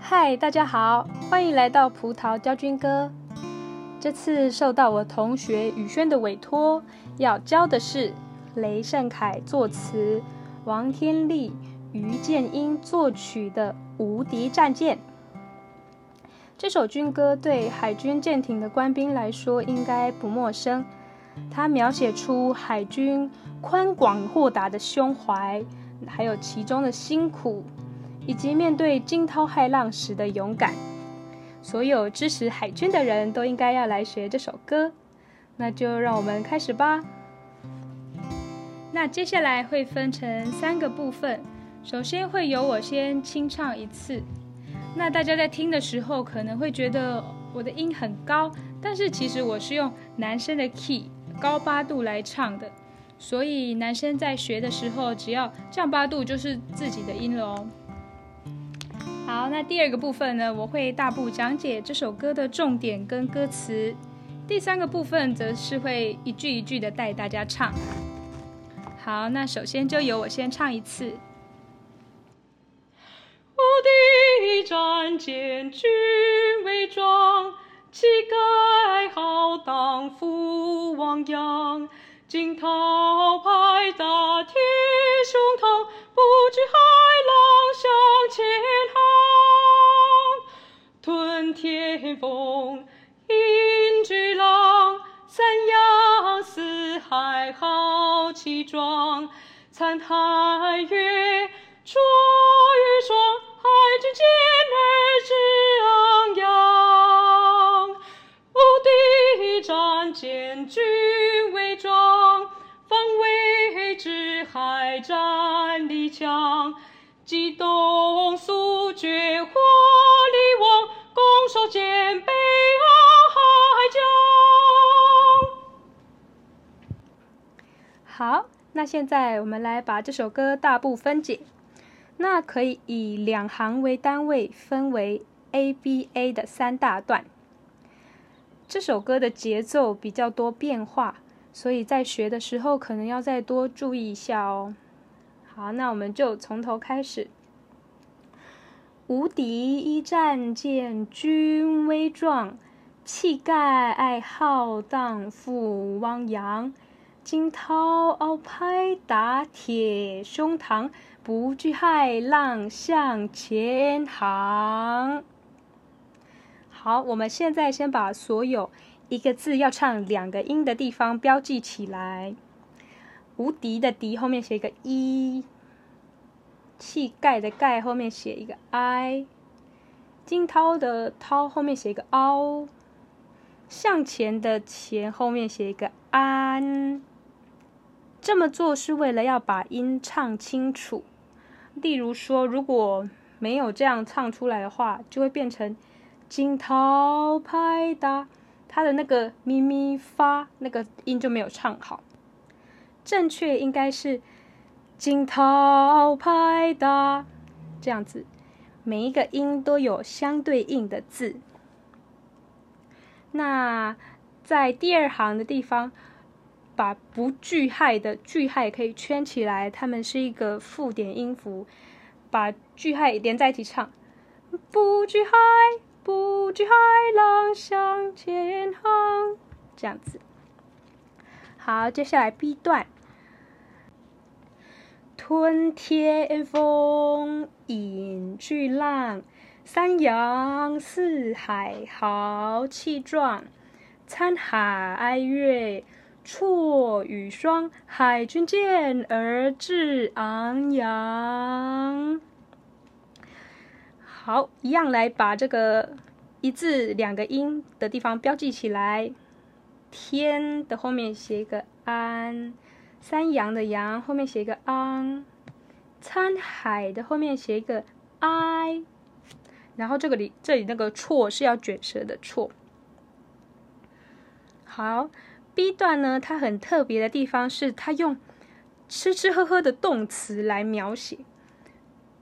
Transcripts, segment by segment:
嗨，大家好，歡迎來到葡萄教軍歌。這次受到我同學宇軒的委托，要教的是雷聖凱作詞、王天利、虞劍英作曲的《無敵戰艦》。這首軍歌對海軍艦艇的官兵來說應該不陌生，它描寫出海軍寬廣豁達的胸懷，還有其中的辛苦，以及面對驚濤駭浪時的勇敢。所有支持海軍的人都應該要來學這首歌，那就讓我們開始吧。那接下來會分成三個部分，首先會由我先清唱一次。那大家在聽的時候可能會覺得我的音很高，但是其實我是用男生的 key 高八度來唱的，所以男生在學的時候只要降八度就是自己的音了。好，那第二個部分呢，我會大步講解這首歌的重點跟歌詞，第三個部分則是會一句一句的帶大家唱。好，那首先就由我先唱一次。我的無敵戰艦軍威壯，氣概浩蕩赴汪洋。驚濤拍打鐵胸膛，不懼駭浪向前航。吞天風，飲巨浪，三洋四海豪氣壯。餐海月。戰艦軍威壯，防衛制海戰力強，機動速決火力旺，攻守兼備傲海疆。好，那現在我們來把這首歌大部分解，那可以以兩行為單位，分為 ABA 的三大段。這首歌的節奏比較多變化，所以在學的時候可能要再多注意一下哦。好，那我們就從頭開始。無敵一戰艦，軍威壯，氣概愛浩蕩，赴汪洋。驚濤拍打鐵胸膛，不懼駭浪向前航。好，我們現在先把所有一個字要唱兩個音的地方標記起來。無敵的“敵”後面寫一個 “i”。氣概的“概”後面寫一個 “i”，驚濤的“濤”後面寫一個 o，向前的“前”後面寫一個 “an”。這麼做是為了要把音唱清楚。例如說，如果沒有這樣唱出來的話，就會變成。驚濤拍打，他的那個咪咪發那個音就沒有唱好。正確應該是驚濤拍打這樣子，每一個音都有相對應的字。那在第二行的地方，把不懼駭的懼駭可以圈起來，它們是一個附點音符，把懼駭連在一起唱，不懼駭。不懼駭浪向前航，這樣子。好，接下來 B 段，吞天風，飲巨浪，三洋四海豪氣壯，餐海月啜雨霜，海軍健兒志昂揚。好，一樣來把這個。一字兩個音的地方標記起來，天的後面寫一個安，山羊的羊後面寫一個昂，滄海的後面寫一個哀。然後這個裡這裡那個錯是要卷舌的錯。好，B 段呢，它很特別的地方是它用吃吃喝喝的動詞來描寫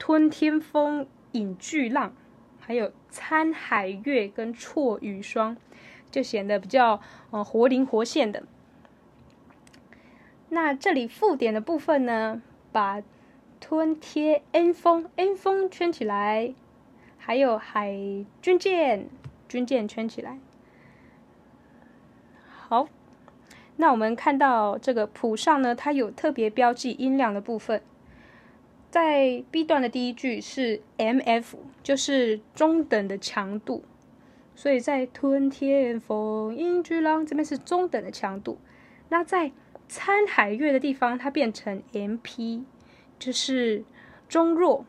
吞天風，飲巨浪。還有“餐海月”跟“啜雨霜”，就顯得比較呃活靈活現的。那這裡附點的部分呢，把“吞天風風圈起來，還有海軍艦、軍艦圈起來。好，那我們看到這個譜上呢，它有特別標記音量的部分。在 B 段的第一句是 Mf，就是中等的強度，所以在吞天風飲巨浪，這邊是中等的強度。那在餐海月的地方，它變成 Mp，就是中弱。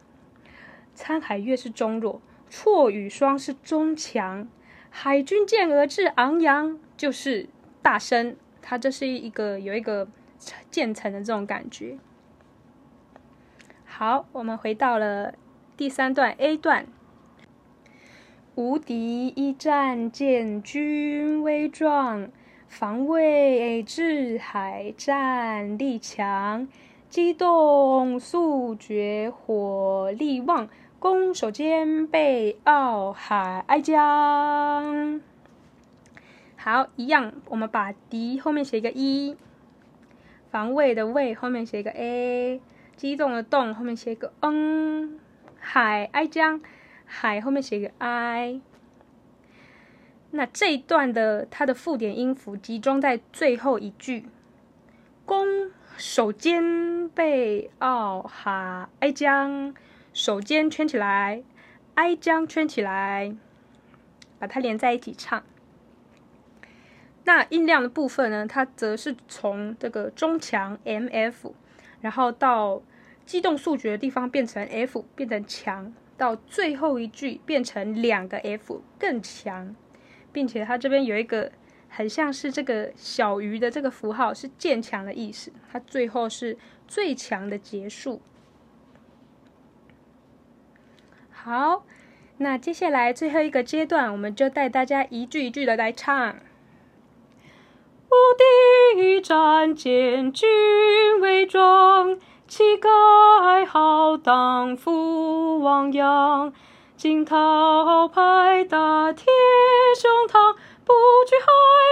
餐海月是中弱，啜雨霜是中強，海軍健兒是昂揚，就是大聲。它這是一個有一個漸層的這種感覺。好，我們回到了第三段 A 段。無敵一戰艦，軍威壯，防衛制海戰力強，機動速決火力旺，攻守兼備，傲海哀疆。好，一樣，我們把敵後面寫一個 E，防衛的衛後面寫一個 A。機動的動後面寫一個嗯，海哀疆海後面寫一個哀。那這一段的它的附點音符集中在最後一句。攻守兼備傲，海哀疆守兼圈起來，哀疆圈起來，把它連在一起唱。那音量的部分呢，它則是從這個中強 mf。然後到機動速決的地方變成 F，變成強，到最後一句變成兩個 F，更強，並且它這邊有一個很像是這個小於的這個符號，是漸強的意思。它最後是最強的結束。好，那接下來最後一個階段，我們就帶大家一句一句的來唱。無敵戰艦軍威壯，氣概浩蕩赴汪洋，驚濤拍打鐵胸膛，不懼駭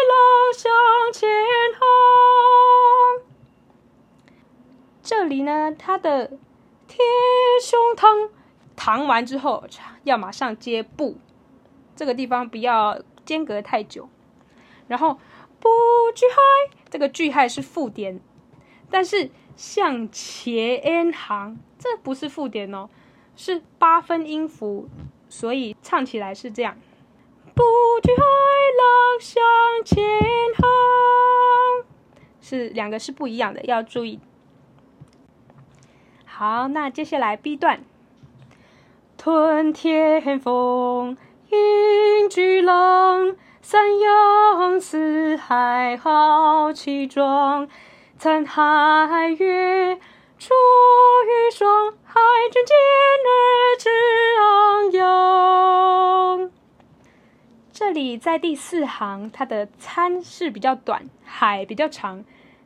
浪向前航。這裡呢，它的鐵胸膛膛完之後，要馬上接步，這個地方不要間隔太久，然後。不懼駭，這個懼駭是附點，但是向前行，這不是附點哦，是八分音符，所以唱起來是這樣。不懼駭浪向前行，是兩個是不一樣的，要注意。好，那接下來 B 段，吞天風，飲巨浪，三洋。四海豪氣壯，餐海月，啜雨霜，海軍健兒志昂揚。這裡在第四行，它的“餐”是比較短，“海”比較長，“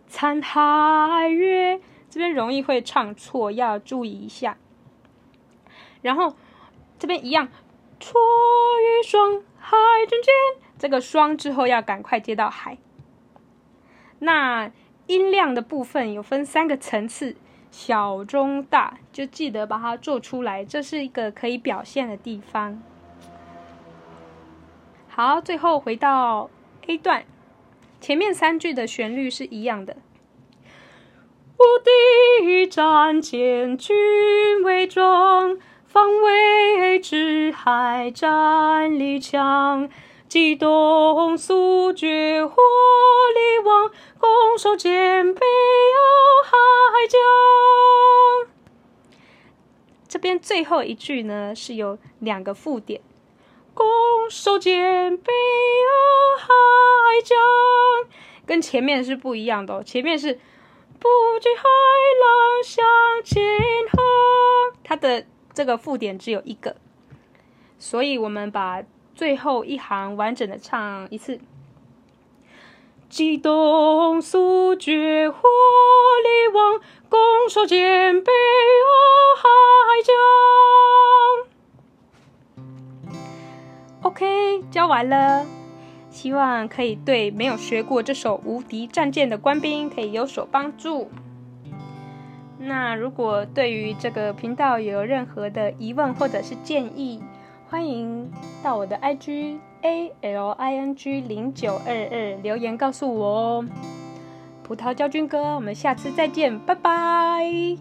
餐海月”這邊容易會唱錯，要注意一下。然後這邊一樣，啜雨霜，海軍健這個霜之後要趕快接到海。那音量的部分有分三個層次，小、中、大，就記得把它做出來，這是一個可以表現的地方。好，最後回到 A 段，前面三句的旋律是一樣的。無敵戰艦軍威壯，防衛制海戰力強。機動速決火力旺，旺、啊，攻守兼備傲海疆。這邊最後一句呢，是有兩個附點，攻守兼備傲海疆，跟前面是不一樣的、哦。前面是不懼駭浪向前航，它的這個附點只有一個，所以我們把。最後一行完整的唱一次。機動、速決、火力旺、攻守兼備，傲海疆。OK，教完了，希望可以對沒有學過這首《無敵戰艦》的官兵可以有所幫助。 那如果對於這個頻道有任何的疑問或者是建議，歡迎到我的 I G A L I N G 零九二二留言告訴我哦，葡萄教軍歌，我們下次再見，拜拜。